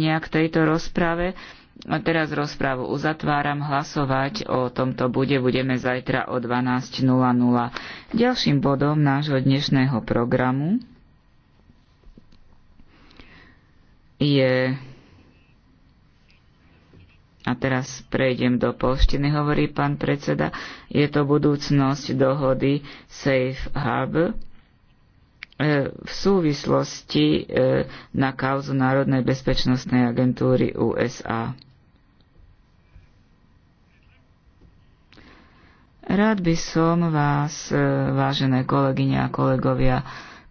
vyjadrenia k tejto rozprave. A teraz rozprávu uzatváram. Hlasovať o tomto bude budeme zajtra o 12.00. Ďalším bodom nášho dnešného programu je... A teraz prejdem do polštiny, hovorí pán predseda. Je to budúcnosť dohody Safe Harbor E, v súvislosti e, na kauzu Národnej bezpečnostnej agentúry USA. Rád by som vás, e, vážené kolegyne a kolegovia,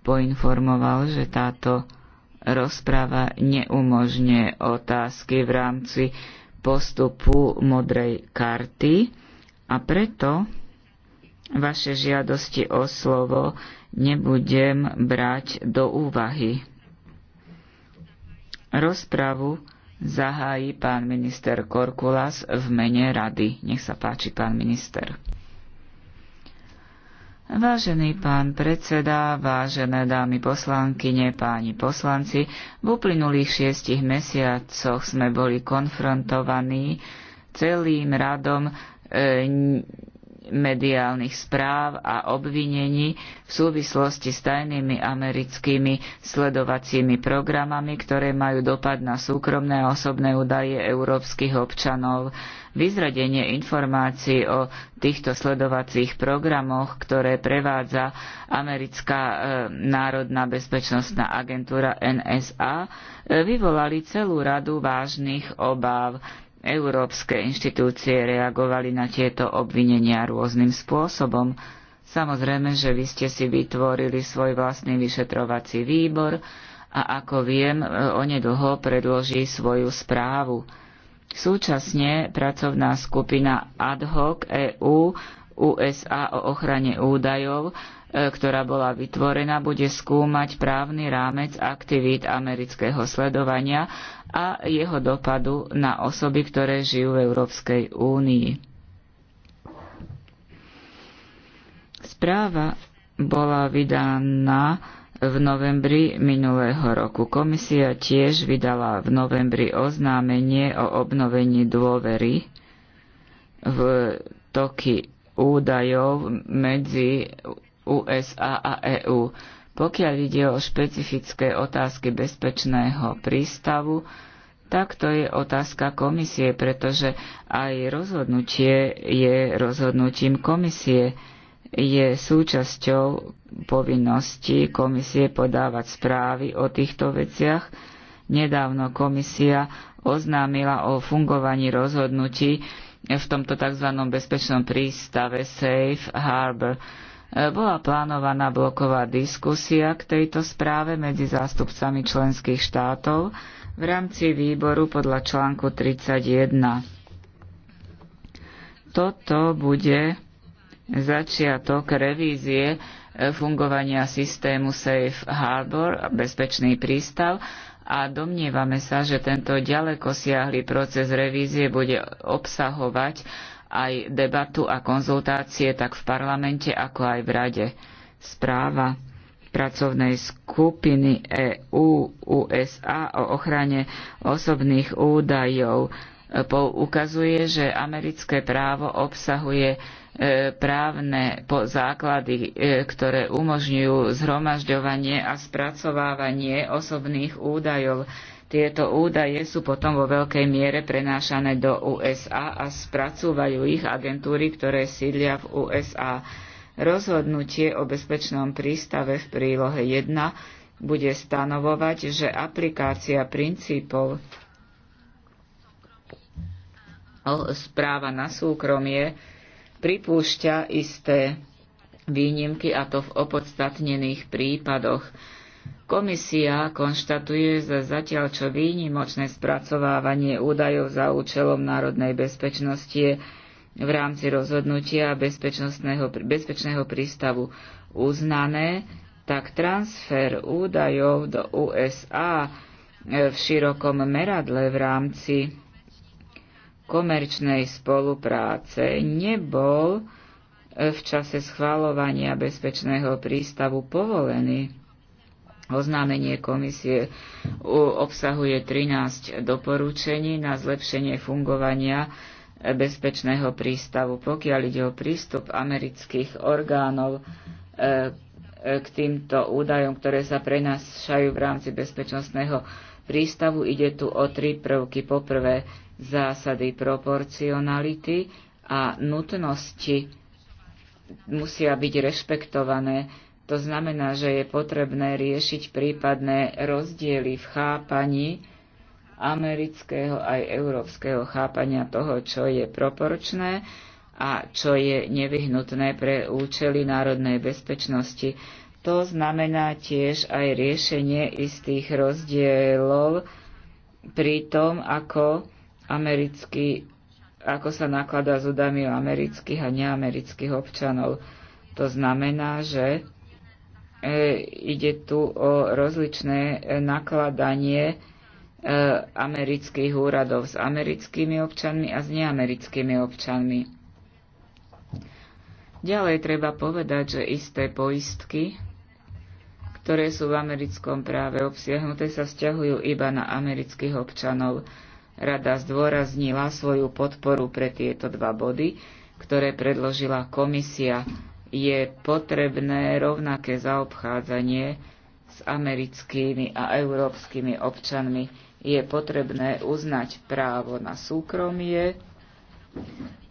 poinformoval, že táto rozpráva neumožňuje otázky v rámci postupu modrej karty a preto vaše žiadosti o slovo nebudem brať do úvahy. Rozpravu zahájí pán minister Korkulas v mene rady. Nech sa páči, pán minister. Vážený pán predseda, vážené dámy poslankyne, páni poslanci, v uplynulých šiestich mesiacoch sme boli konfrontovaní celým radom e, mediálnych správ a obvinení v súvislosti s tajnými americkými sledovacími programami, ktoré majú dopad na súkromné a osobné údaje európskych občanov. Vyzradenie informácií o týchto sledovacích programoch, ktoré prevádza americká e, národná bezpečnostná agentúra NSA, e, vyvolali celú radu vážnych obáv. Európske inštitúcie reagovali na tieto obvinenia rôznym spôsobom. Samozrejme, že vy ste si vytvorili svoj vlastný vyšetrovací výbor a ako viem, e, onedlho predloží svoju správu. Súčasne pracovná skupina ad hoc EU USA o ochrane údajov, e, ktorá bola vytvorená, bude skúmať právny rámec aktivít amerického sledovania a jeho dopadu na osoby, ktoré žijú v Európskej únii. Správa bola vydaná v novembri minulého roku. Komisia tiež vydala v novembri oznámenie o obnovení dôvery v toky údajov medzi USA a EÚ. Pokiaľ ide o špecifické otázky bezpečného prístavu, tak to je otázka komisie, pretože aj rozhodnutie je rozhodnutím komisie. Je súčasťou povinnosti komisie podávať správy o týchto veciach. Nedávno komisia oznámila o fungovaní rozhodnutí v tomto tzv. bezpečnom prístave Safe Harbor E, bola plánovaná bloková diskusia k tejto správe medzi zástupcami členských štátov v rámci výboru podľa článku 31. Toto bude začiatok revízie e, fungovania systému Safe Harbor, bezpečný prístav, a domnievame sa, že tento ďaleko siahly proces revízie bude obsahovať aj debatu a konzultácie tak v parlamente, ako aj v rade. Správa pracovnej skupiny EU-USA o ochrane osobných údajov e, ukazuje, že americké právo obsahuje e, právne základy, e, ktoré umožňujú zhromažďovanie a spracovávanie osobných údajov. Tieto údaje sú potom vo veľkej miere prenášané do USA a spracúvajú ich agentúry, ktoré sídlia v USA. Rozhodnutie o bezpečnom prístave v prílohe 1 bude stanovovať, že aplikácia princípov správa na súkromie pripúšťa isté výnimky a to v opodstatnených prípadoch. Komisia konštatuje, že zatiaľ čo výnimočné spracovávanie údajov za účelom národnej bezpečnosti je v rámci rozhodnutia bezpečného prístavu uznané, tak transfer údajov do USA e, v širokom meradle v rámci komerčnej spolupráce nebol e, v čase schvalovania bezpečného prístavu povolený. Oznámenie komisie obsahuje 13 doporučení na zlepšenie fungovania bezpečného prístavu. Pokiaľ ide o prístup amerických orgánov e, e, k týmto údajom, ktoré sa prenášajú v rámci bezpečnostného prístavu, ide tu o tri prvky. Poprvé zásady proporcionality a nutnosti musia byť rešpektované to znamená, že je potrebné riešiť prípadné rozdiely v chápaní amerického aj európskeho chápania toho, čo je proporčné a čo je nevyhnutné pre účely národnej bezpečnosti. To znamená tiež aj riešenie istých rozdielov pri tom, ako, americký, ako sa nakladá s údami amerických a neamerických občanov. To znamená, že E, ide tu o rozličné e, nakladanie e, amerických úradov s americkými občanmi a s neamerickými občanmi. Ďalej treba povedať, že isté poistky, ktoré sú v americkom práve obsiahnuté, sa vzťahujú iba na amerických občanov. Rada zdôraznila svoju podporu pre tieto dva body, ktoré predložila komisia je potrebné rovnaké zaobchádzanie s americkými a európskymi občanmi. Je potrebné uznať právo na súkromie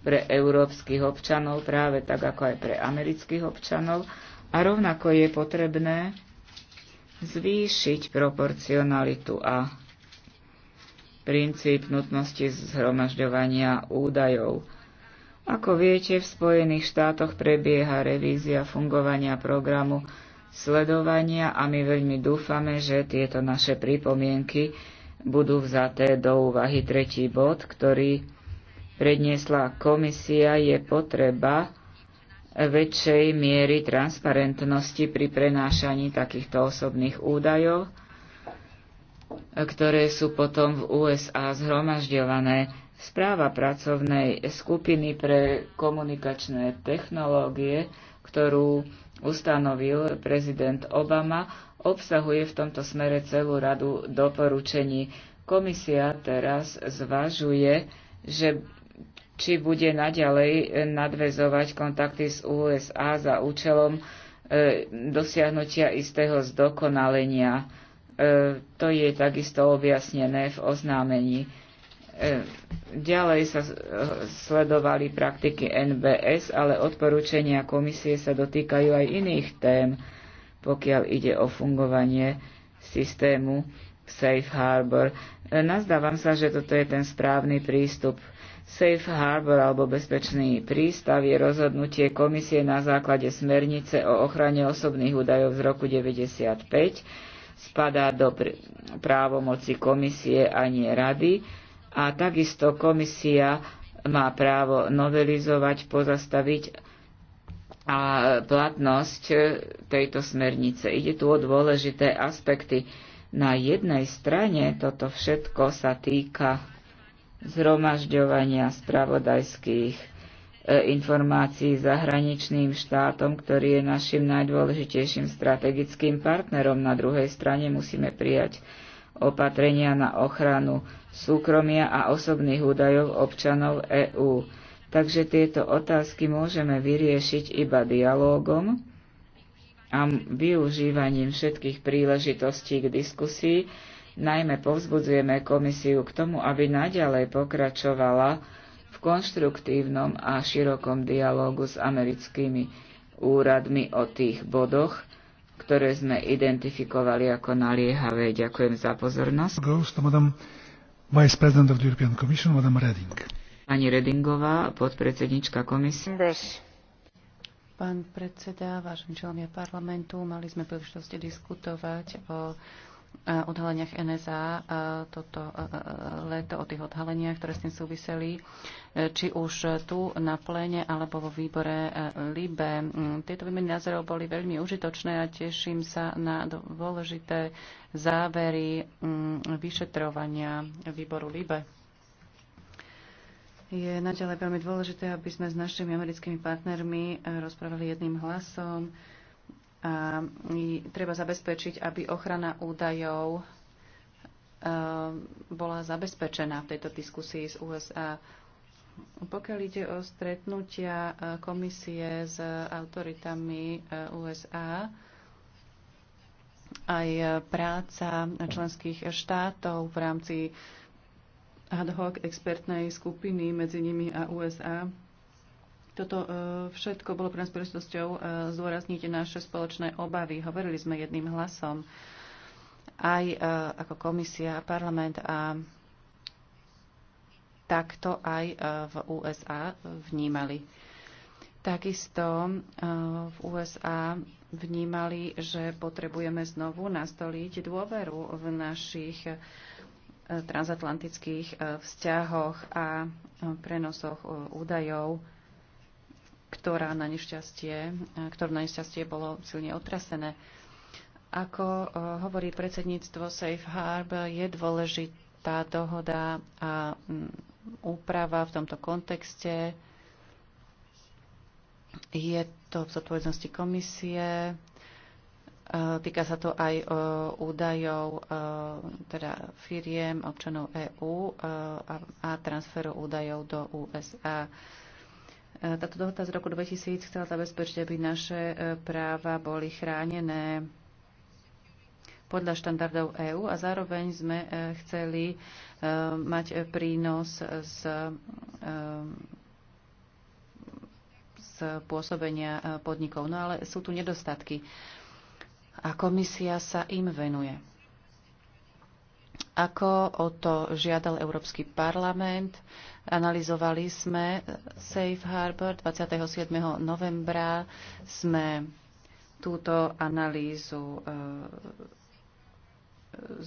pre európskych občanov, práve tak ako aj pre amerických občanov. A rovnako je potrebné zvýšiť proporcionalitu a princíp nutnosti zhromažďovania údajov ako viete, v Spojených štátoch prebieha revízia fungovania programu sledovania a my veľmi dúfame, že tieto naše pripomienky budú vzaté do úvahy. Tretí bod, ktorý predniesla komisia, je potreba väčšej miery transparentnosti pri prenášaní takýchto osobných údajov, ktoré sú potom v USA zhromažďované. Správa pracovnej skupiny pre komunikačné technológie, ktorú ustanovil prezident Obama, obsahuje v tomto smere celú radu doporučení. Komisia teraz zvažuje, že či bude naďalej nadvezovať kontakty s USA za účelom e, dosiahnutia istého zdokonalenia. E, to je takisto objasnené v oznámení. E, ďalej sa e, sledovali praktiky NBS, ale odporúčania komisie sa dotýkajú aj iných tém, pokiaľ ide o fungovanie systému Safe Harbor. E, nazdávam sa, že toto je ten správny prístup. Safe Harbor alebo bezpečný prístav je rozhodnutie komisie na základe smernice o ochrane osobných údajov z roku 1995, spadá do právomoci komisie a nie rady a takisto komisia má právo novelizovať, pozastaviť a platnosť tejto smernice. Ide tu o dôležité aspekty. Na jednej strane toto všetko sa týka zhromažďovania spravodajských e, informácií zahraničným štátom, ktorý je našim najdôležitejším strategickým partnerom. Na druhej strane musíme prijať opatrenia na ochranu súkromia a osobných údajov občanov EÚ. Takže tieto otázky môžeme vyriešiť iba dialógom a využívaním všetkých príležitostí k diskusii, najmä povzbudzujeme komisiu k tomu, aby naďalej pokračovala v konštruktívnom a širokom dialógu s americkými úradmi o tých bodoch, ktoré sme identifikovali ako naliehavé. Ďakujem za pozornosť. Vice President of the European Commission, Madam Reding. Pani Redingová, podpredsednička komisie. Pán predseda, vážení členovia parlamentu, mali sme príležitosť diskutovať o odhaleniach NSA toto leto, o tých odhaleniach, ktoré s tým súviseli, e, či už tu na pléne alebo vo výbore e, LIBE. Mm, tieto výmeny názorov boli veľmi užitočné a teším sa na dôležité závery mm, vyšetrovania výboru LIBE. Je naďalej veľmi dôležité, aby sme s našimi americkými partnermi e, rozprávali jedným hlasom a treba zabezpečiť, aby ochrana údajov e, bola zabezpečená v tejto diskusii z USA. Pokiaľ ide o stretnutia e, komisie s autoritami e, USA, aj práca členských štátov v rámci ad hoc expertnej skupiny medzi nimi a USA toto e, všetko bolo pre nás príležitosťou e, zdôrazniť naše spoločné obavy. Hovorili sme jedným hlasom aj e, ako komisia, parlament a takto aj v USA vnímali. Takisto v USA vnímali, že potrebujeme znovu nastoliť dôveru v našich transatlantických vzťahoch a prenosoch údajov ktorá na nešťastie, e, ktorú na nešťastie bolo silne otrasené. Ako e, hovorí predsedníctvo Safe Harbor, je dôležitá dohoda a úprava v tomto kontexte. Je to v zodpovednosti komisie. E, týka sa to aj údajov teda firiem občanov EÚ a transferu údajov do USA. E, táto dohoda z roku 2000 chcela zabezpečiť, aby naše e, práva boli chránené podľa štandardov EÚ a zároveň sme e, chceli mať prínos z, z pôsobenia podnikov. No ale sú tu nedostatky a komisia sa im venuje ako o to žiadal Európsky parlament. Analizovali sme Safe Harbor 27. novembra. Sme túto analýzu e,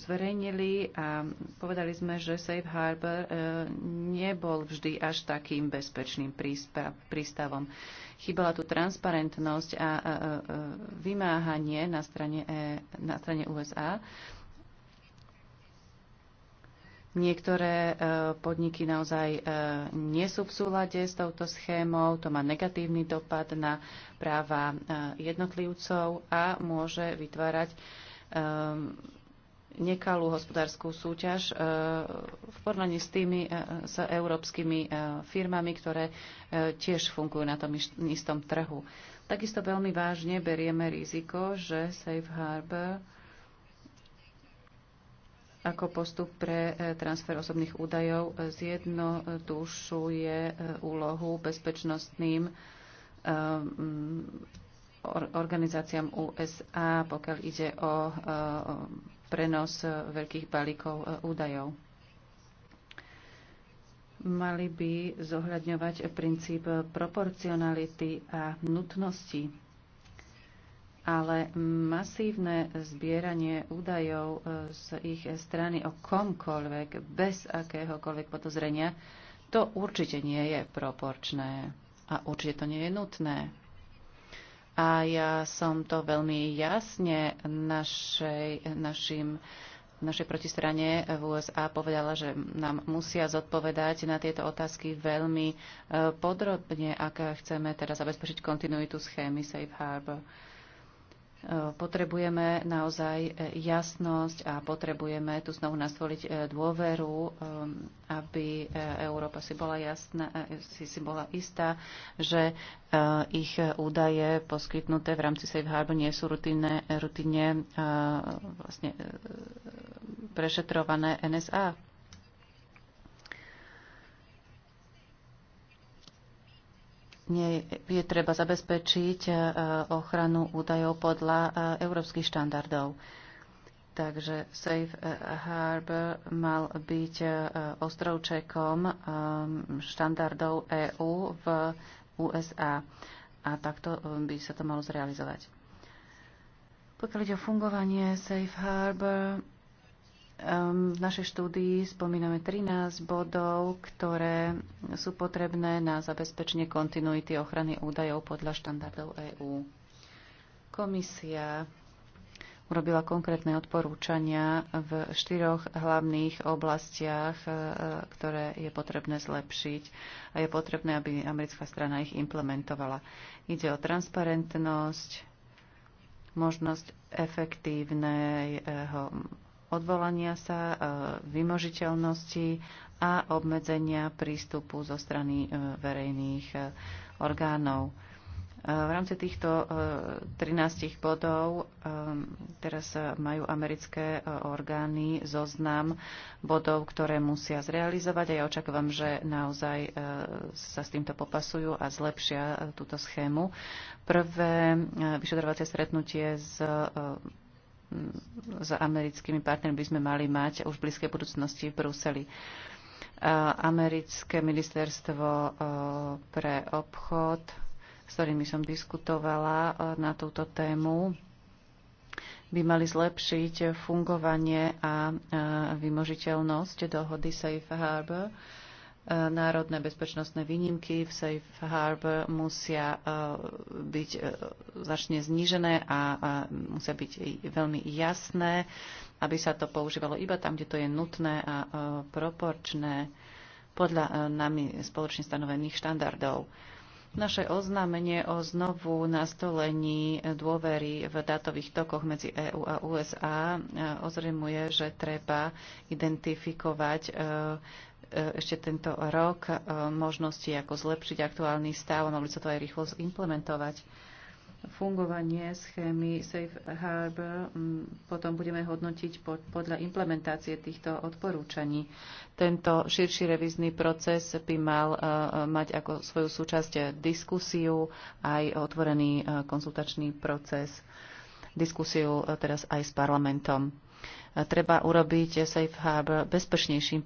zverejnili a povedali sme, že Safe Harbor e, nebol vždy až takým bezpečným prístavom. Chýbala tu transparentnosť a e, vymáhanie na strane, na strane USA Niektoré e, podniky naozaj e, nie sú v súlade s touto schémou, to má negatívny dopad na práva e, jednotlivcov a môže vytvárať nekalú hospodárskú súťaž v porovnaní s tými s európskymi firmami, ktoré tiež fungujú na tom istom trhu. Takisto veľmi vážne berieme riziko, že Safe Harbor ako postup pre e, transfer osobných údajov e, zjednodušuje e, úlohu bezpečnostným mm, organizáciám USA, pokiaľ ide o prenos veľkých balíkov údajov. Mali by zohľadňovať princíp proporcionality a nutnosti ale masívne zbieranie údajov e, z ich strany o komkoľvek, bez akéhokoľvek podozrenia, to určite nie je proporčné a určite to nie je nutné. A ja som to veľmi jasne našej, našim, našej protistrane v USA povedala, že nám musia zodpovedať na tieto otázky veľmi e, podrobne, ak chceme teda zabezpečiť kontinuitu schémy Safe Harbor. E, potrebujeme naozaj e, jasnosť a potrebujeme tu znovu nastoliť e, dôveru, aby Európa si bola, jasná, si, si bola istá, že ich údaje poskytnuté v rámci Safe Harbor nie sú rutinne rutinne vlastne prešetrované NSA. Nie vlastne je treba zabezpečiť e, ochranu údajov podľa e, európskych štandardov. Takže Safe e, Harbor mal byť ostrovčekom štandardov EÚ v USA. A takto by sa to malo zrealizovať. Pokiaľ ide o fungovanie Safe Harbor, Ehm, v našej štúdii spomíname 13 bodov, ktoré sú potrebné na zabezpečenie kontinuity ochrany údajov podľa štandardov EÚ. Komisia urobila konkrétne odporúčania v štyroch hlavných oblastiach, e, ktoré je potrebné zlepšiť a je potrebné, aby americká strana ich implementovala. Ide o transparentnosť, možnosť efektívneho odvolania sa, e, vymožiteľnosti a obmedzenia prístupu zo strany e, verejných e, orgánov. V rámci týchto 13 bodov teraz majú americké orgány zoznam bodov, ktoré musia zrealizovať a ja očakávam, že naozaj sa s týmto popasujú a zlepšia túto schému. Prvé vyšetrovacie stretnutie s s americkými partnermi by sme mali mať už v blízkej budúcnosti v Bruseli. Americké ministerstvo e, pre obchod, s ktorými som diskutovala e, na túto tému, by mali zlepšiť fungovanie a e, vymožiteľnosť dohody Safe Harbor E, národné bezpečnostné výnimky v Safe Harbor musia e, byť e, začne znížené a musia byť veľmi jasné, aby sa to používalo iba tam, kde to je nutné a proporčné podľa nami spoločne stanovených štandardov. Naše oznámenie o znovu nastolení dôvery v dátových tokoch medzi EÚ a USA e, ozremuje, že treba identifikovať e, e, ešte tento rok možnosti, ako zlepšiť aktuálny stav a mohli sa to aj rýchlo zimplementovať fungovanie schémy Safe Harbor potom budeme hodnotiť podľa implementácie týchto odporúčaní. Tento širší revizný proces by mal e, mať ako svoju súčasť diskusiu aj otvorený e, konzultačný proces, diskusiu e, teraz aj s parlamentom treba urobiť Safe Harbor bezpečnejším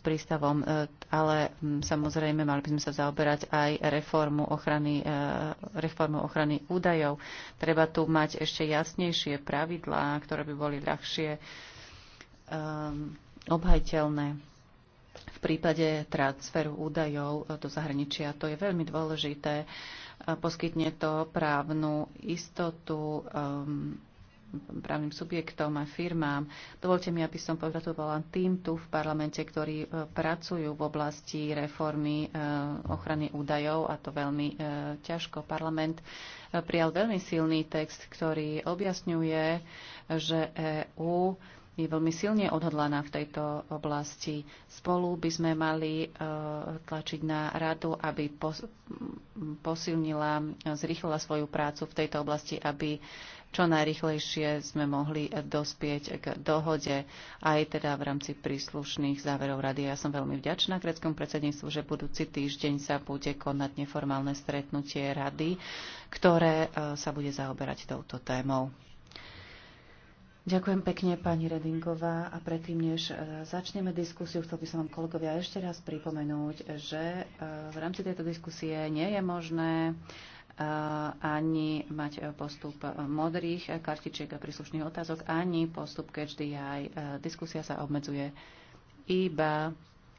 prístavom, e, ale samozrejme mali by sme sa zaoberať aj reformu ochrany, e, reformu ochrany údajov. Treba tu mať ešte jasnejšie pravidlá, ktoré by boli ľahšie ehm, obhajteľné v prípade transferu údajov e, do zahraničia. To je veľmi dôležité. Poskytne to právnu istotu um, právnym subjektom a firmám. Dovolte mi, aby som pogratulovala tým tu v parlamente, ktorí e, pracujú v oblasti reformy e, ochrany údajov a to veľmi e, ťažko. Parlament prijal veľmi silný text, ktorý objasňuje, že EÚ je veľmi silne odhodlaná v tejto oblasti. Spolu by sme mali tlačiť na radu, aby posilnila, zrýchlila svoju prácu v tejto oblasti, aby čo najrychlejšie sme mohli dospieť k dohode aj teda v rámci príslušných záverov rady. Ja som veľmi vďačná greckom predsedníctvu, že budúci týždeň sa bude konať neformálne stretnutie rady, ktoré e, sa bude zaoberať touto témou. Ďakujem pekne, pani Redingová. A predtým, než e, začneme diskusiu, chcel by som vám, kolegovia, ešte raz pripomenúť, že e, v rámci tejto diskusie nie je možné ani mať postup modrých kartičiek a príslušných otázok, ani postup KHDI. Diskusia sa obmedzuje iba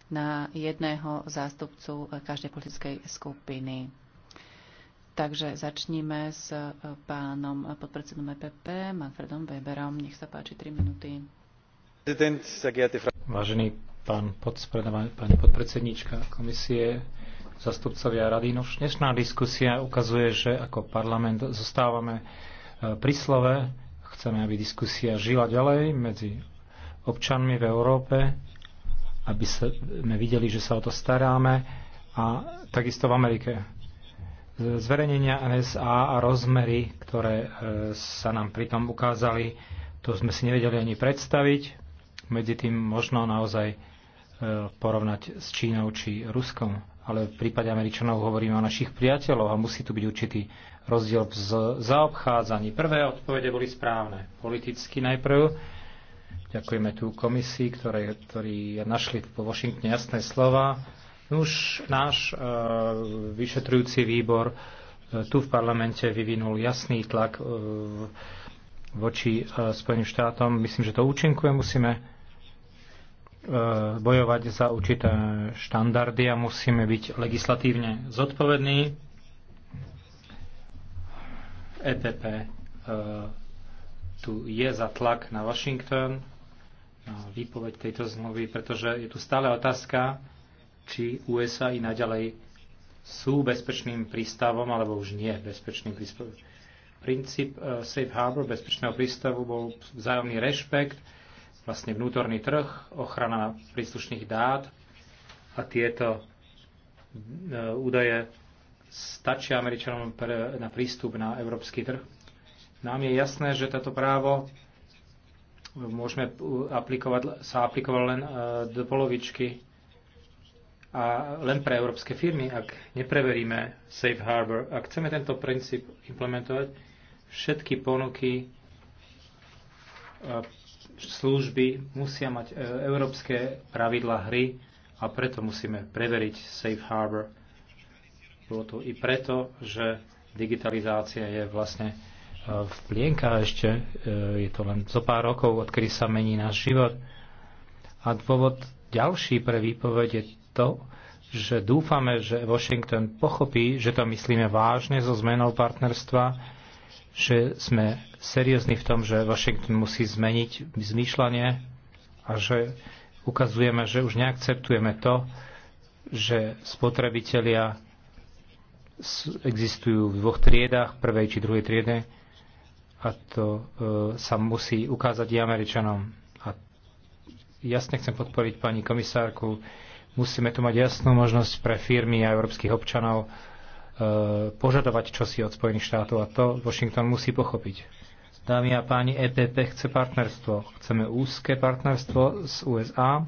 na jedného zástupcu každej politickej skupiny. Takže začníme s pánom podpredsedom EPP, Manfredom Weberom. Nech sa páči 3 minúty. Vážený pán podpredsedníčka komisie, zastupcovia rady. No, dnešná diskusia ukazuje, že ako parlament zostávame e, pri slove. Chceme, aby diskusia žila ďalej medzi občanmi v Európe, aby sme videli, že sa o to staráme a takisto v Amerike. Zverejnenia NSA a rozmery, ktoré e, sa nám pritom ukázali, to sme si nevedeli ani predstaviť. Medzi tým možno naozaj e, porovnať s Čínou či Ruskom ale v prípade Američanov hovoríme o našich priateľov a musí tu byť určitý rozdiel v zaobchádzaní. Prvé odpovede boli správne. Politicky najprv. Ďakujeme tu komisii, ktoré, ktorí našli po Washingtone jasné slova. Už náš e, vyšetrujúci výbor e, tu v parlamente vyvinul jasný tlak e, voči e, Spojeným štátom. Myslím, že to účinkuje. Musíme E, bojovať za určité štandardy a musíme byť legislatívne zodpovední. EPP e, tu je za tlak na Washington, na výpoveď tejto zmluvy, pretože je tu stále otázka, či USA i naďalej sú bezpečným prístavom, alebo už nie bezpečným prístavom. Princíp e, Safe Harbor, bezpečného prístavu, bol vzájomný rešpekt, vlastne vnútorný trh, ochrana príslušných dát a tieto e, údaje stačia Američanom pre, na prístup na európsky trh. Nám je jasné, že toto právo môžeme aplikovať, sa aplikovať len e, do polovičky a len pre európske firmy, ak nepreveríme Safe Harbor. Ak chceme tento princíp implementovať, všetky ponuky e, služby musia mať e, európske pravidla hry a preto musíme preveriť Safe Harbor. Bolo to i preto, že digitalizácia je vlastne e, v plienkach ešte, e, je to len zo pár rokov, odkedy sa mení náš život. A dôvod ďalší pre výpoveď je to, že dúfame, že Washington pochopí, že to myslíme vážne so zmenou partnerstva, že sme seriózni v tom, že Washington musí zmeniť zmýšľanie a že ukazujeme, že už neakceptujeme to, že spotrebitelia existujú v dvoch triedách, prvej či druhej triede a to e, sa musí ukázať i Američanom. A jasne chcem podporiť pani komisárku, musíme tu mať jasnú možnosť pre firmy a európskych občanov E, požadovať čosi od Spojených štátov a to Washington musí pochopiť. Dámy a páni, EPP chce partnerstvo. Chceme úzke partnerstvo s USA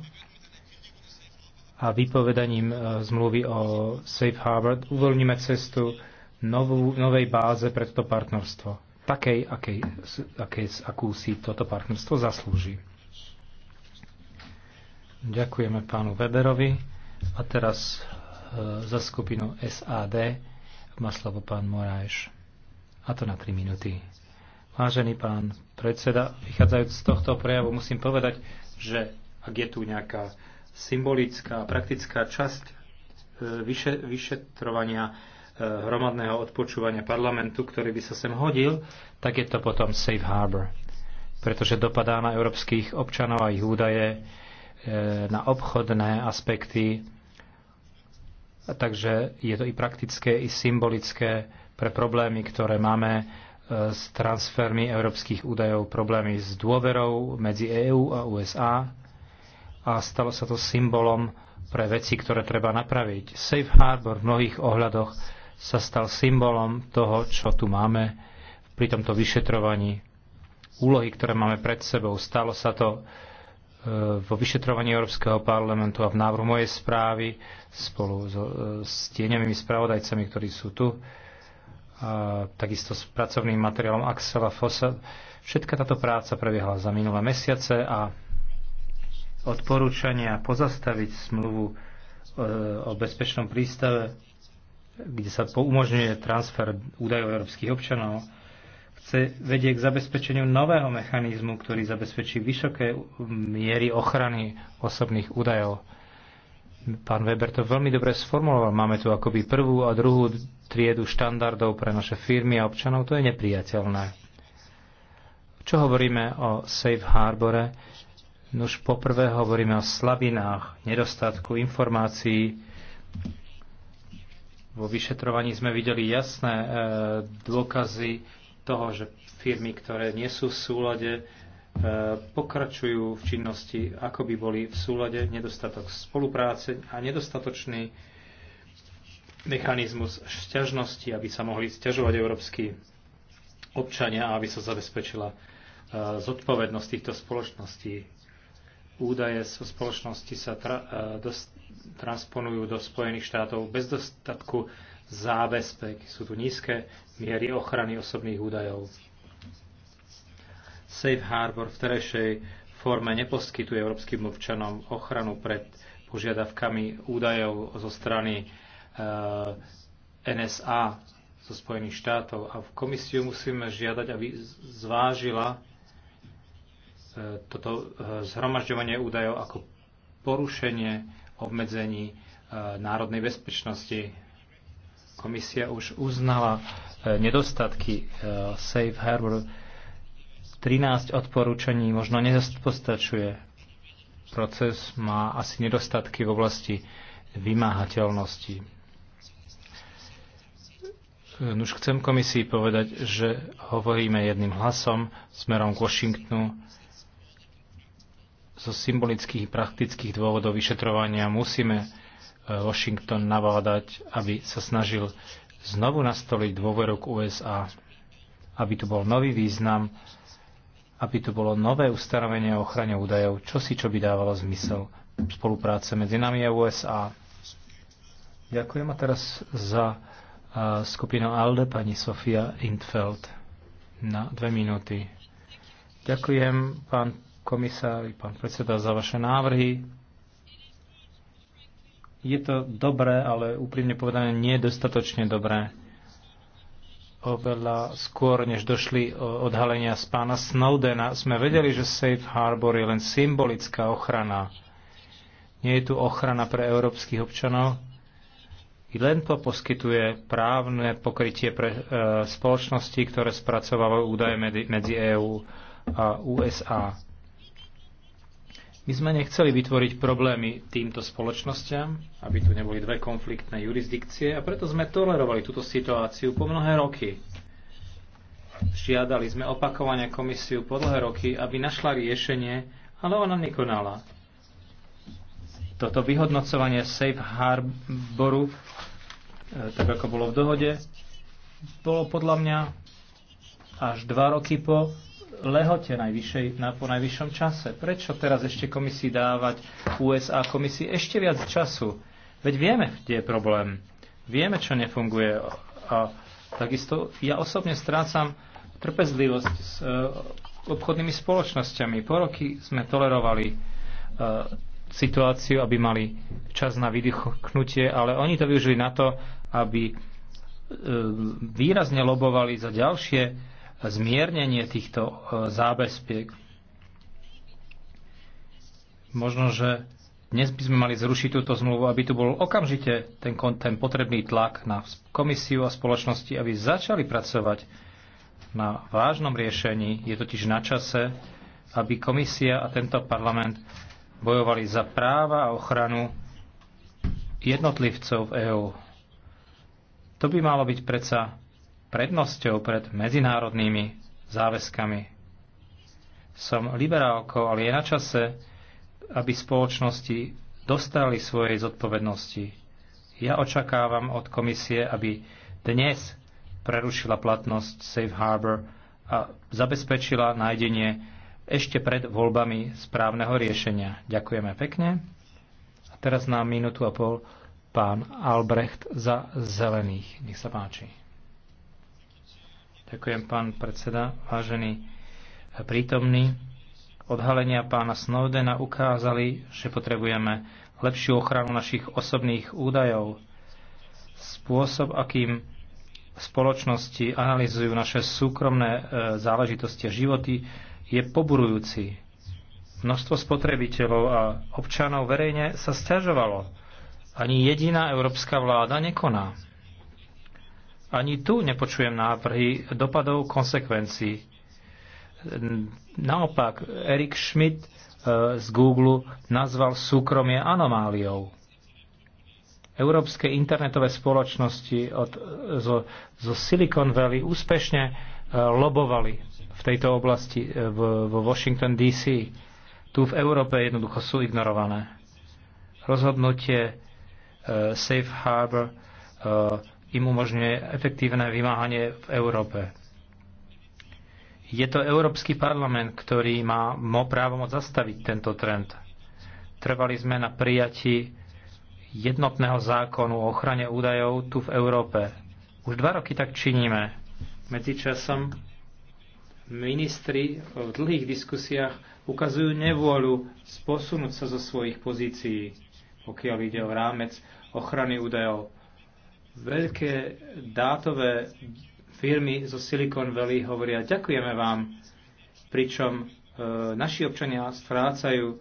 a vypovedaním e, zmluvy o Safe Harbor uvoľníme cestu novú, novej báze pre toto partnerstvo. Takej, akej, akej, akú si toto partnerstvo zaslúži. Ďakujeme pánu Weberovi a teraz e, za skupinu SAD má slovo pán Morajš. A to na 3 minúty. Vážený pán predseda, vychádzajúc z tohto prejavu musím povedať, že ak je tu nejaká symbolická, praktická časť e, vyše, vyšetrovania e, hromadného odpočúvania parlamentu, ktorý by sa sem hodil, tak je to potom safe harbor. Pretože dopadá na európskych občanov a ich údaje, e, na obchodné aspekty, takže je to i praktické, i symbolické pre problémy, ktoré máme e, s transfermi európskych údajov, problémy s dôverou medzi EÚ a USA a stalo sa to symbolom pre veci, ktoré treba napraviť. Safe Harbor v mnohých ohľadoch sa stal symbolom toho, čo tu máme pri tomto vyšetrovaní. Úlohy, ktoré máme pred sebou, stalo sa to Eh, vo vyšetrovaní Európskeho parlamentu a v návrhu mojej správy spolu so, eh, s tieňovými spravodajcami, ktorí sú tu, a takisto s pracovným materiálom Axela Fossa. Všetka táto práca prebiehala za minulé mesiace a odporúčania pozastaviť smluvu eh, o bezpečnom prístave, kde sa umožňuje transfer údajov európskych občanov, chce, vedie k zabezpečeniu nového mechanizmu, ktorý zabezpečí vysoké miery ochrany osobných údajov. Pán Weber to veľmi dobre sformuloval. Máme tu akoby prvú a druhú triedu štandardov pre naše firmy a občanov. To je nepriateľné. Čo hovoríme o safe harbore? Už poprvé hovoríme o slabinách, nedostatku informácií, vo vyšetrovaní sme videli jasné e, dôkazy toho, že firmy, ktoré nie sú v súlade, e, pokračujú v činnosti, ako by boli v súlade, nedostatok spolupráce a nedostatočný mechanizmus šťažnosti, aby sa mohli sťažovať európsky občania a aby sa zabezpečila e, zodpovednosť týchto spoločností. Údaje zo spoločnosti sa tra, e, dos, transponujú do Spojených štátov bez dostatku zábezpek, sú tu nízke miery ochrany osobných údajov. Safe Harbor v terejšej forme neposkytuje európskym občanom ochranu pred požiadavkami údajov zo strany eh, NSA zo Spojených štátov. A v komisiu musíme žiadať, aby zvážila eh, toto eh, zhromažďovanie údajov ako porušenie obmedzení národnej bezpečnosti Komisia už uznala e, nedostatky e, Safe Harbor. 13 odporúčaní možno nepostačuje. Proces má asi nedostatky v oblasti vymáhateľnosti. Nuž e, chcem komisii povedať, že hovoríme jedným hlasom smerom k Washingtonu. Zo symbolických praktických dôvodov vyšetrovania musíme Washington navádať, aby sa snažil znovu nastoliť dôveru k USA, aby tu bol nový význam, aby tu bolo nové ustanovenie o ochrane údajov, čo si čo by dávalo zmysel spolupráce medzi nami a USA. Ďakujem a teraz za skupinu ALDE pani Sofia Intfeld na dve minúty. Ďakujem pán komisár, pán predseda za vaše návrhy. Je to dobré, ale úprimne povedané nedostatočne dobré. Oveľa skôr, než došli odhalenia z pána Snowdena, sme vedeli, že Safe Harbor je len symbolická ochrana. Nie je tu ochrana pre európskych občanov, i len to poskytuje právne pokrytie pre e, spoločnosti, ktoré spracovávajú údaje medzi, medzi EÚ a USA. My sme nechceli vytvoriť problémy týmto spoločnosťam, aby tu neboli dve konfliktné jurisdikcie a preto sme tolerovali túto situáciu po mnohé roky. Žiadali sme opakovania komisiu po dlhé roky, aby našla riešenie, ale ona nekonala. Toto vyhodnocovanie Safe Harboru, e, tak ako bolo v dohode, bolo podľa mňa až dva roky po lehote najvyššej, na, po najvyššom čase. Prečo teraz ešte komisii dávať USA komisii ešte viac času? Veď vieme, kde je problém. Vieme, čo nefunguje. A takisto ja osobne strácam trpezlivosť s e, obchodnými spoločnosťami. Po roky sme tolerovali e, situáciu, aby mali čas na vydýchnutie, ale oni to využili na to, aby e, výrazne lobovali za ďalšie zmiernenie týchto e, zábezpiek. Možno, že dnes by sme mali zrušiť túto zmluvu, aby tu bol okamžite ten, ten potrebný tlak na komisiu a spoločnosti, aby začali pracovať na vážnom riešení. Je totiž na čase, aby komisia a tento parlament bojovali za práva a ochranu jednotlivcov EÚ. To by malo byť predsa prednosťou pred medzinárodnými záväzkami. Som liberálkou, ale je na čase, aby spoločnosti dostali svojej zodpovednosti. Ja očakávam od komisie, aby dnes prerušila platnosť Safe Harbor a zabezpečila nájdenie ešte pred voľbami správneho riešenia. Ďakujeme pekne. A teraz na minútu a pol pán Albrecht za zelených. Nech sa páči. Ďakujem, pán predseda, vážený prítomný. Odhalenia pána Snowdena ukázali, že potrebujeme lepšiu ochranu našich osobných údajov. Spôsob, akým spoločnosti analýzujú naše súkromné e, záležitosti a životy, je poburujúci. Množstvo spotrebiteľov a občanov verejne sa stiažovalo. Ani jediná európska vláda nekoná. Ani tu nepočujem návrhy dopadov konsekvencií. Naopak, Erik Schmidt e, z Google nazval súkromie anomáliou. Európske internetové spoločnosti od, zo, zo Silicon Valley úspešne e, lobovali v tejto oblasti e, vo Washington DC. Tu v Európe jednoducho sú ignorované. Rozhodnutie Safe Harbor im umožňuje efektívne vymáhanie v Európe. Je to Európsky parlament, ktorý má právomoc zastaviť tento trend. Trvali sme na prijati jednotného zákonu o ochrane údajov tu v Európe. Už dva roky tak činíme. Medzičasom ministri v dlhých diskusiách ukazujú nevôľu sposunúť sa zo svojich pozícií, pokiaľ ide o rámec ochrany údajov Veľké dátové firmy zo Silicon Valley hovoria, ďakujeme vám, pričom e, naši občania strácajú e,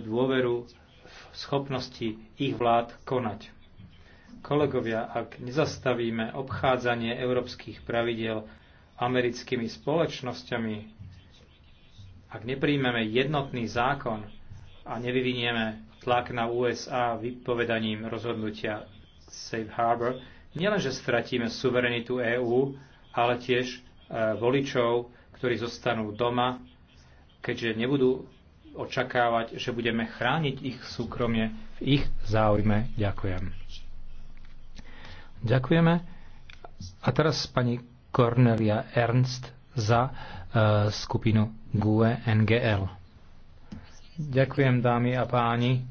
dôveru v schopnosti ich vlád konať. Kolegovia, ak nezastavíme obchádzanie európskych pravidiel americkými spoločnosťami, ak nepríjmeme jednotný zákon a nevyvinieme tlak na USA vypovedaním rozhodnutia Safe Harbor, nielenže stratíme suverenitu EÚ, ale tiež e, voličov, ktorí zostanú doma, keďže nebudú očakávať, že budeme chrániť ich súkromie v ich záujme. Ďakujem. Ďakujeme. A teraz pani Cornelia Ernst za uh, skupinu GUE NGL. Ďakujem, dámy a páni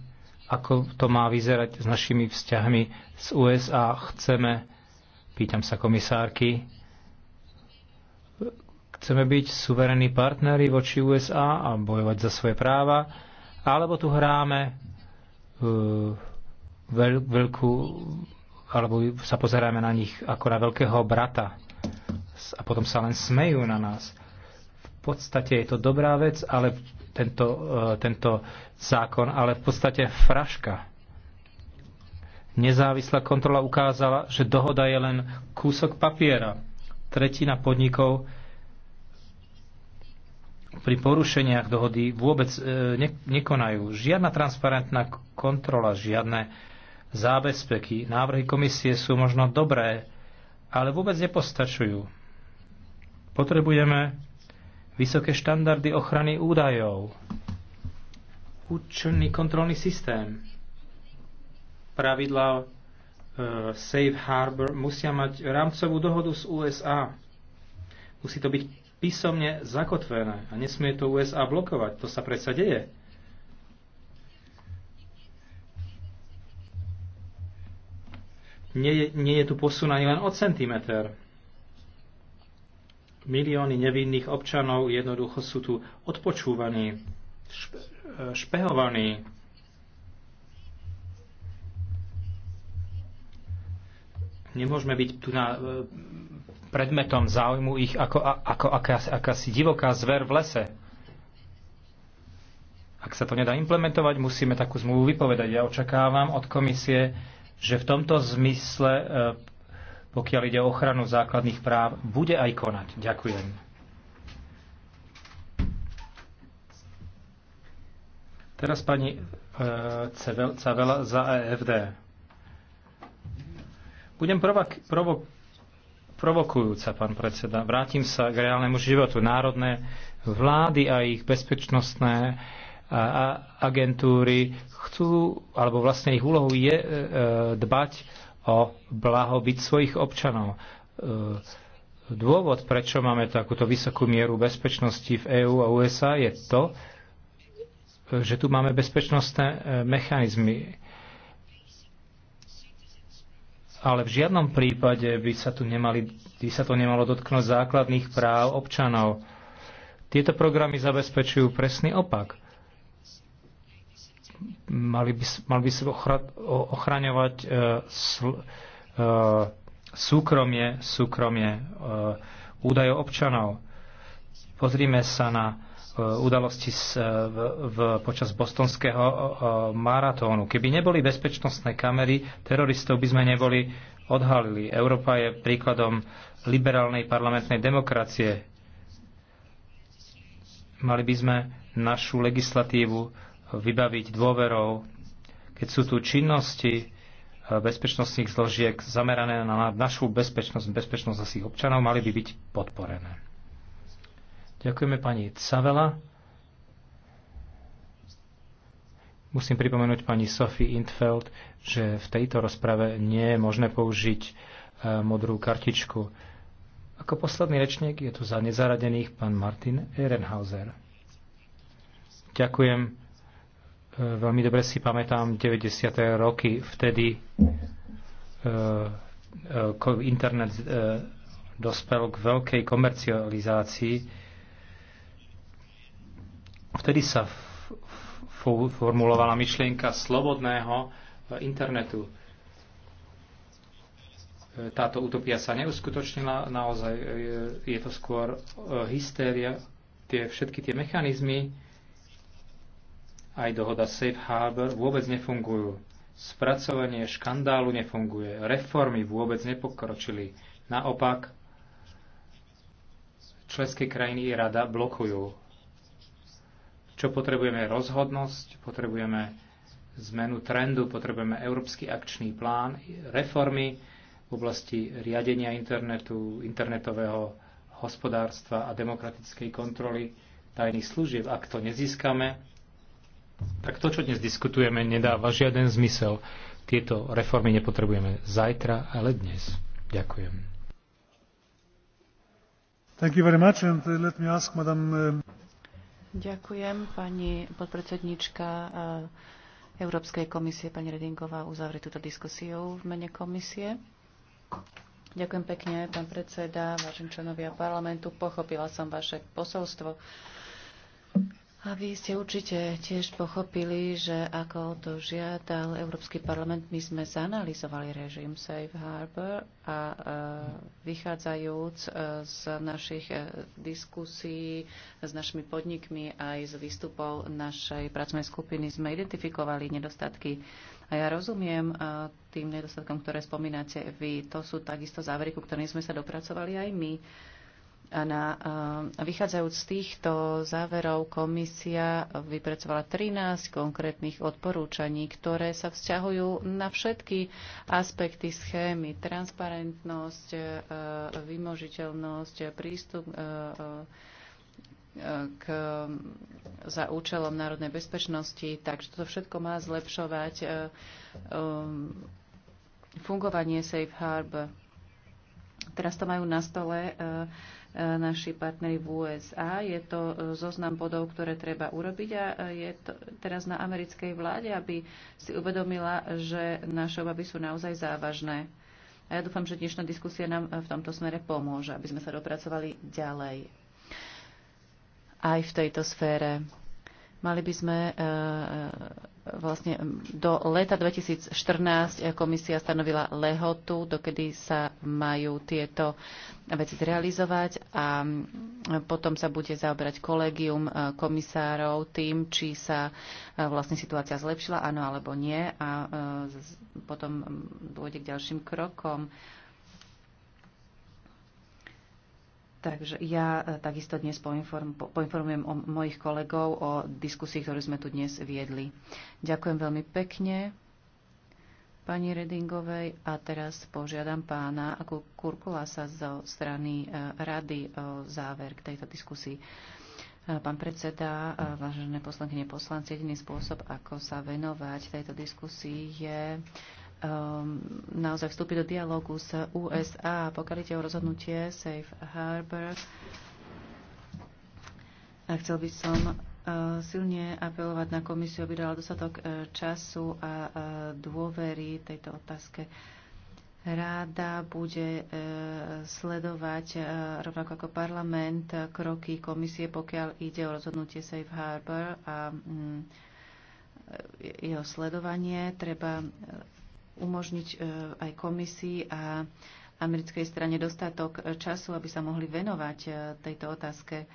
ako to má vyzerať s našimi vzťahmi z USA. Chceme, pýtam sa komisárky, chceme byť suverení partneri voči USA a bojovať za svoje práva, alebo tu hráme uh, veľ, veľkú, alebo sa pozeráme na nich ako na veľkého brata a potom sa len smejú na nás. V podstate je to dobrá vec, ale tento, eh, tento zákon, ale v podstate fraška. Nezávislá kontrola ukázala, že dohoda je len kúsok papiera. Tretina podnikov pri porušeniach dohody vôbec eh, ne, nekonajú. Žiadna transparentná kontrola, žiadne zábezpeky. Návrhy komisie sú možno dobré, ale vôbec nepostačujú. Potrebujeme vysoké štandardy ochrany údajov, účinný kontrolný systém, pravidla uh, Safe Harbor musia mať rámcovú dohodu s USA. Musí to byť písomne zakotvené a nesmie to USA blokovať. To sa predsa deje. Nie, nie je tu posun ani len o centimeter. Milióny nevinných občanov jednoducho sú tu odpočúvaní, špe, eh, špehovaní. Nemôžeme byť tu na eh, predmetom záujmu ich ako, ako akási, akási divoká zver v lese. Ak sa to nedá implementovať, musíme takú zmluvu vypovedať. Ja očakávam od komisie, že v tomto zmysle eh, pokiaľ ide o ochranu základných práv, bude aj konať. Ďakujem. Teraz pani e, Cavela za EFD. Budem provak, provo, provokujúca, pán predseda. Vrátim sa k reálnemu životu. Národné vlády a ich bezpečnostné e, a, a agentúry chcú, alebo vlastne ich úlohou je e, e dbať o blahobyt svojich občanov. E, dôvod, prečo máme takúto vysokú mieru bezpečnosti v EÚ a USA, je to, že tu máme bezpečnostné e, mechanizmy. Ale v žiadnom prípade by sa, tu nemali, by sa to nemalo dotknúť základných práv občanov. Tieto programy zabezpečujú presný opak mali by, mal by sa ochraňovať e, e, súkromie, súkromie e, údajov občanov. Pozrime sa na udalosti z, v, v, počas bostonského maratónu. Keby neboli bezpečnostné kamery, teroristov by sme neboli odhalili. Európa je príkladom liberálnej parlamentnej demokracie. Mali by sme našu legislatívu vybaviť dôverou, keď sú tu činnosti e, bezpečnostných zložiek zamerané na našu bezpečnosť, bezpečnosť našich občanov, mali by byť podporené. Ďakujeme pani Cavela. Musím pripomenúť pani Sophie Intfeld, že v tejto rozprave nie je možné použiť e, modrú kartičku. Ako posledný rečník je tu za nezaradených pán Martin Ehrenhauser. Ďakujem Veľmi dobre si pamätám 90. roky, vtedy eh, eh, internet eh, dospel k veľkej komercializácii. Vtedy sa formulovala myšlienka slobodného internetu. Táto utopia sa neuskutočnila, naozaj je to skôr hystéria. Tie, všetky tie mechanizmy, aj dohoda Safe Harbor vôbec nefungujú. Spracovanie škandálu nefunguje, reformy vôbec nepokročili. Naopak, členské krajiny i rada blokujú. Čo potrebujeme? Rozhodnosť, potrebujeme zmenu trendu, potrebujeme európsky akčný plán, reformy v oblasti riadenia internetu, internetového hospodárstva a demokratickej kontroly tajných služieb. Ak to nezískame, tak to, čo dnes diskutujeme, nedáva žiaden zmysel. Tieto reformy nepotrebujeme zajtra, ale dnes. Ďakujem. Thank you very much and uh, let me ask madam... Uh, Ďakujem, pani podpredsednička uh, Európskej komisie, pani Redingová, uzavrie túto diskusiu v mene komisie. Ďakujem pekne, pán predseda, vážení členovia parlamentu. Pochopila som vaše posolstvo. A vy ste určite tiež pochopili, že ako to žiadal Európsky parlament, my sme zanalizovali režim Safe Harbor a e, vychádzajúc e, z našich e, diskusí s našimi podnikmi aj z výstupov našej pracovnej skupiny sme identifikovali nedostatky. A ja rozumiem e, tým nedostatkom, ktoré spomínate vy. To sú takisto závery, ku ktorým sme sa dopracovali aj my. Na, vychádzajúc z týchto záverov komisia vypracovala 13 konkrétnych odporúčaní, ktoré sa vzťahujú na všetky aspekty schémy. Transparentnosť, e, vymožiteľnosť, prístup e, e, k, za účelom národnej bezpečnosti. Takže toto všetko má zlepšovať fungovanie Safe Harbor Teraz to majú na stole e, e, naši partneri v USA. Je to e, zoznam bodov, ktoré treba urobiť a je to teraz na americkej vláde, aby si uvedomila, že naše obavy sú naozaj závažné. A ja dúfam, že dnešná diskusia nám v tomto smere pomôže, aby sme sa dopracovali ďalej. Aj v tejto sfére. Mali by sme vlastne do leta 2014 eh, komisia stanovila lehotu, dokedy sa majú tieto veci zrealizovať a potom sa bude zaoberať kolegium eh, komisárov tým, či sa eh, vlastne situácia zlepšila, áno alebo nie a potom dôjde k ďalším krokom. Takže ja e, takisto dnes poinform, poinformujem o mojich kolegov o diskusii, ktorú sme tu dnes viedli. Ďakujem veľmi pekne pani Redingovej a teraz požiadam pána Kurkulasa zo strany e, rady o záver k tejto diskusii. E, pán predseda, vážené poslankyne, poslanci, jediný spôsob, ako sa venovať tejto diskusii je Um, naozaj vstúpiť do dialógu s USA. Pokiaľ ide o rozhodnutie Safe Harbor, a chcel by som uh, silne apelovať na komisiu, aby dala dostatok uh, času a uh, dôvery tejto otázke. Ráda bude sledovať, rovnako ako parlament, kroky komisie, pokiaľ ide o rozhodnutie Safe Harbor a mm, jeho sledovanie. Treba umožniť e, aj komisii a americkej strane dostatok e, času, aby sa mohli venovať e, tejto otázke.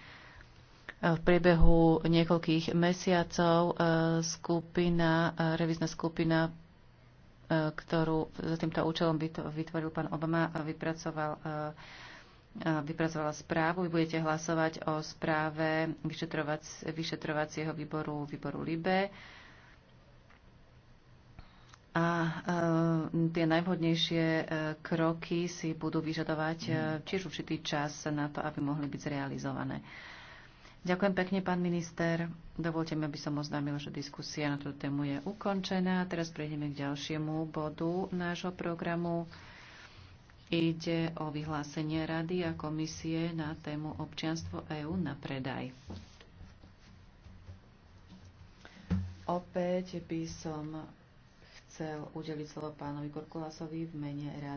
V priebehu niekoľkých mesiacov skupina, revizná skupina, ktorú za týmto účelom vytvoril pán Obama, vypracoval vypracovala správu. Vy budete hlasovať o správe vyšetrovacieho výboru, výboru LIBE a e, tie najvhodnejšie e, kroky si budú vyžadovať e, tiež určitý čas na to, aby mohli byť zrealizované. Ďakujem pekne, pán minister. Dovolte mi, aby som oznámila, že diskusia na túto tému je ukončená. Teraz prejdeme k ďalšiemu bodu nášho programu. Ide o vyhlásenie Rady a komisie na tému občianstvo EÚ na predaj. Opäť by som chcel udeliť slovo pánovi Korkulasovi v mene rady.